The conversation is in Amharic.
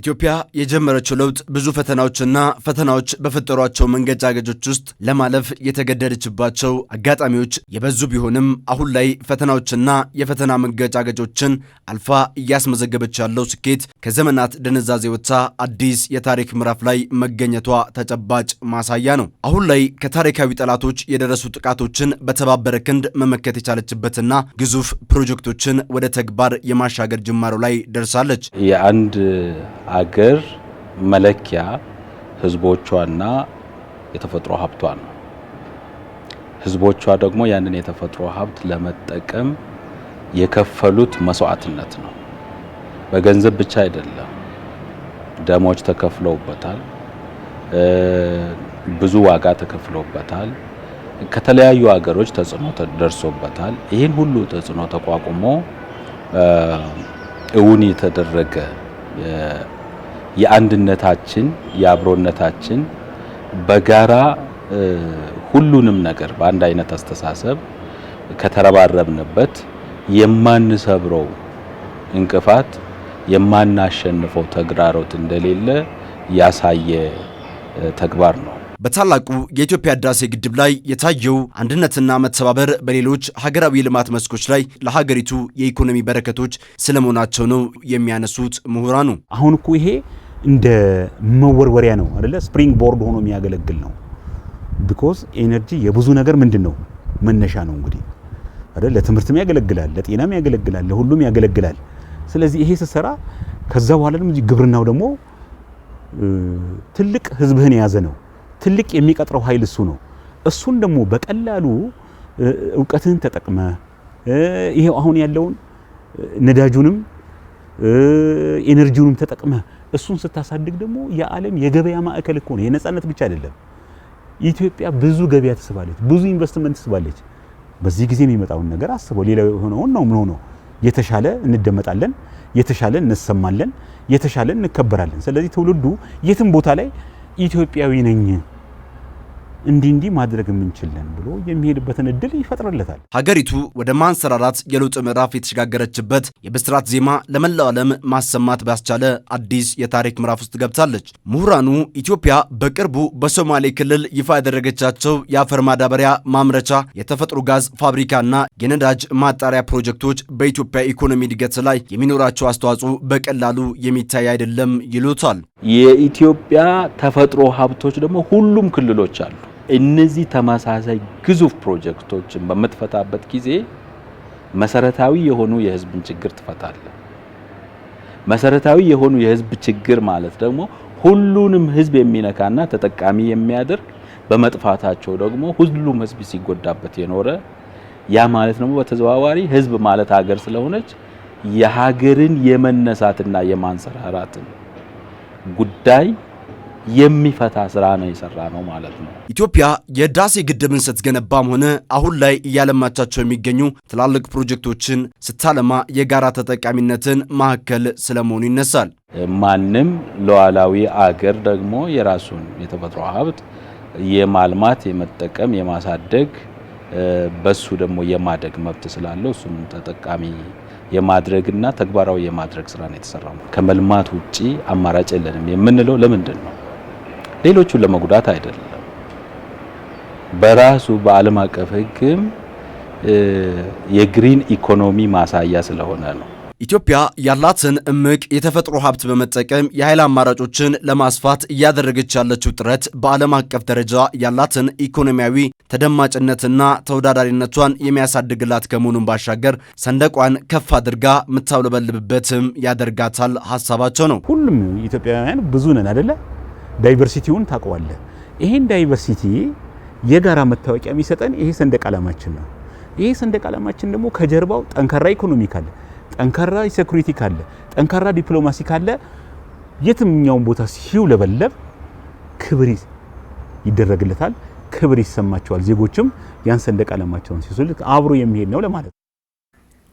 ኢትዮጵያ የጀመረችው ለውጥ ብዙ ፈተናዎችና ፈተናዎች በፈጠሯቸው መንገጫገጮች ውስጥ ለማለፍ የተገደደችባቸው አጋጣሚዎች የበዙ ቢሆንም አሁን ላይ ፈተናዎችና የፈተና መንገጫገጮችን አልፋ እያስመዘገበች ያለው ስኬት ከዘመናት ድንዛዜ ወጥታ አዲስ የታሪክ ምዕራፍ ላይ መገኘቷ ተጨባጭ ማሳያ ነው። አሁን ላይ ከታሪካዊ ጠላቶች የደረሱ ጥቃቶችን በተባበረ ክንድ መመከት የቻለችበትና ግዙፍ ፕሮጀክቶችን ወደ ተግባር የማሻገር ጅማሮ ላይ ደርሳለች። የአንድ አገር መለኪያ ህዝቦቿና የተፈጥሮ ሀብቷ ነው። ህዝቦቿ ደግሞ ያንን የተፈጥሮ ሀብት ለመጠቀም የከፈሉት መስዋዕትነት ነው። በገንዘብ ብቻ አይደለም፣ ደሞች ተከፍለውበታል፣ ብዙ ዋጋ ተከፍለውበታል፣ ከተለያዩ ሀገሮች ተጽዕኖ ደርሶበታል። ይህን ሁሉ ተጽዕኖ ተቋቁሞ እውን የተደረገ የአንድነታችን የአብሮነታችን በጋራ ሁሉንም ነገር በአንድ አይነት አስተሳሰብ ከተረባረብንበት የማንሰብረው እንቅፋት የማናሸንፈው ተግዳሮት እንደሌለ ያሳየ ተግባር ነው። በታላቁ የኢትዮጵያ ህዳሴ ግድብ ላይ የታየው አንድነትና መተባበር በሌሎች ሀገራዊ የልማት መስኮች ላይ ለሀገሪቱ የኢኮኖሚ በረከቶች ስለመሆናቸው ነው የሚያነሱት ምሁራኑ። አሁን እኮ ይሄ እንደ መወርወሪያ ነው አይደለ? ስፕሪንግ ቦርድ ሆኖ የሚያገለግል ነው። ቢኮዝ ኤነርጂ የብዙ ነገር ምንድን ነው መነሻ ነው እንግዲህ አይደል? ለትምህርትም ያገለግላል፣ ለጤናም ያገለግላል፣ ለሁሉም ያገለግላል። ስለዚህ ይሄ ስትሰራ ከዛ በኋላ ደግሞ ግብርናው ደግሞ ትልቅ ህዝብህን የያዘ ነው። ትልቅ የሚቀጥረው ኃይል እሱ ነው። እሱን ደግሞ በቀላሉ እውቀትህን ተጠቅመ ይሄው አሁን ያለውን ነዳጁንም ኤነርጂውንም ተጠቅመ እሱን ስታሳድግ ደግሞ የዓለም የገበያ ማዕከል እኮ ነው። የነጻነት ብቻ አይደለም። ኢትዮጵያ ብዙ ገበያ ትስባለች፣ ብዙ ኢንቨስትመንት ትስባለች። በዚህ ጊዜ የሚመጣውን ነገር አስበው። ሌላ የሆነውን ነው ምን ሆኖ የተሻለ እንደመጣለን፣ የተሻለ እንሰማለን፣ የተሻለ እንከበራለን። ስለዚህ ትውልዱ የትም ቦታ ላይ ኢትዮጵያዊ ነኝ እንዲህ እንዲህ ማድረግ የምንችለን ብሎ የሚሄድበትን እድል ይፈጥርለታል። ሀገሪቱ ወደ ማንሰራራት የለውጥ ምዕራፍ የተሸጋገረችበት የብስራት ዜማ ለመላው ዓለም ማሰማት ባስቻለ አዲስ የታሪክ ምዕራፍ ውስጥ ገብታለች። ምሁራኑ ኢትዮጵያ በቅርቡ በሶማሌ ክልል ይፋ ያደረገቻቸው የአፈር ማዳበሪያ ማምረቻ፣ የተፈጥሮ ጋዝ ፋብሪካና የነዳጅ ማጣሪያ ፕሮጀክቶች በኢትዮጵያ ኢኮኖሚ እድገት ላይ የሚኖራቸው አስተዋጽኦ በቀላሉ የሚታይ አይደለም ይሉታል። የኢትዮጵያ ተፈጥሮ ሀብቶች ደግሞ ሁሉም ክልሎች አሉ። እነዚህ ተመሳሳይ ግዙፍ ፕሮጀክቶችን በምትፈታበት ጊዜ መሰረታዊ የሆኑ የህዝብን ችግር ትፈታለ። መሰረታዊ የሆኑ የህዝብ ችግር ማለት ደግሞ ሁሉንም ህዝብ የሚነካና ተጠቃሚ የሚያደርግ በመጥፋታቸው ደግሞ ሁሉም ህዝብ ሲጎዳበት የኖረ ያ ማለት ደግሞ በተዘዋዋሪ ህዝብ ማለት ሀገር ስለሆነች የሀገርን የመነሳትና የማንሰራራትን ጉዳይ የሚፈታ ስራ ነው የሰራ ነው ማለት ነው። ኢትዮጵያ የህዳሴ ግድብን ስትገነባም ሆነ አሁን ላይ እያለማቻቸው የሚገኙ ትላልቅ ፕሮጀክቶችን ስታለማ የጋራ ተጠቃሚነትን ማዕከል ስለመሆኑ ይነሳል። ማንም ሉዓላዊ አገር ደግሞ የራሱን የተፈጥሮ ሀብት የማልማት የመጠቀም፣ የማሳደግ በሱ ደግሞ የማደግ መብት ስላለው እሱም ተጠቃሚ የማድረግና ተግባራዊ የማድረግ ስራ ነው የተሰራው። ከመልማት ውጪ አማራጭ የለንም የምንለው ለምንድን ነው? ሌሎቹን ለመጉዳት አይደለም። በራሱ በዓለም አቀፍ ሕግም የግሪን ኢኮኖሚ ማሳያ ስለሆነ ነው። ኢትዮጵያ ያላትን እምቅ የተፈጥሮ ሀብት በመጠቀም የኃይል አማራጮችን ለማስፋት እያደረገች ያለችው ጥረት በዓለም አቀፍ ደረጃ ያላትን ኢኮኖሚያዊ ተደማጭነትና ተወዳዳሪነቷን የሚያሳድግላት ከመሆኑን ባሻገር ሰንደቋን ከፍ አድርጋ የምታውለበልብበትም ያደርጋታል። ሀሳባቸው ነው። ሁሉም ኢትዮጵያውያን ብዙ ነን አደለ ዳይቨርሲቲውን ታውቀዋለህ። ይሄን ዳይቨርሲቲ የጋራ መታወቂያ የሚሰጠን ይሄ ሰንደቅ ዓላማችን ነው። ይሄ ሰንደቅ ዓላማችን ደግሞ ከጀርባው ጠንካራ ኢኮኖሚ ካለ፣ ጠንካራ ሴኩሪቲ ካለ፣ ጠንካራ ዲፕሎማሲ ካለ የትኛውን ቦታ ሲውለበለብ ክብር ይደረግለታል፣ ክብር ይሰማቸዋል። ዜጎችም ያን ሰንደቅ ዓላማቸውን ሲስሉት አብሮ የሚሄድ ነው ለማለት ነው።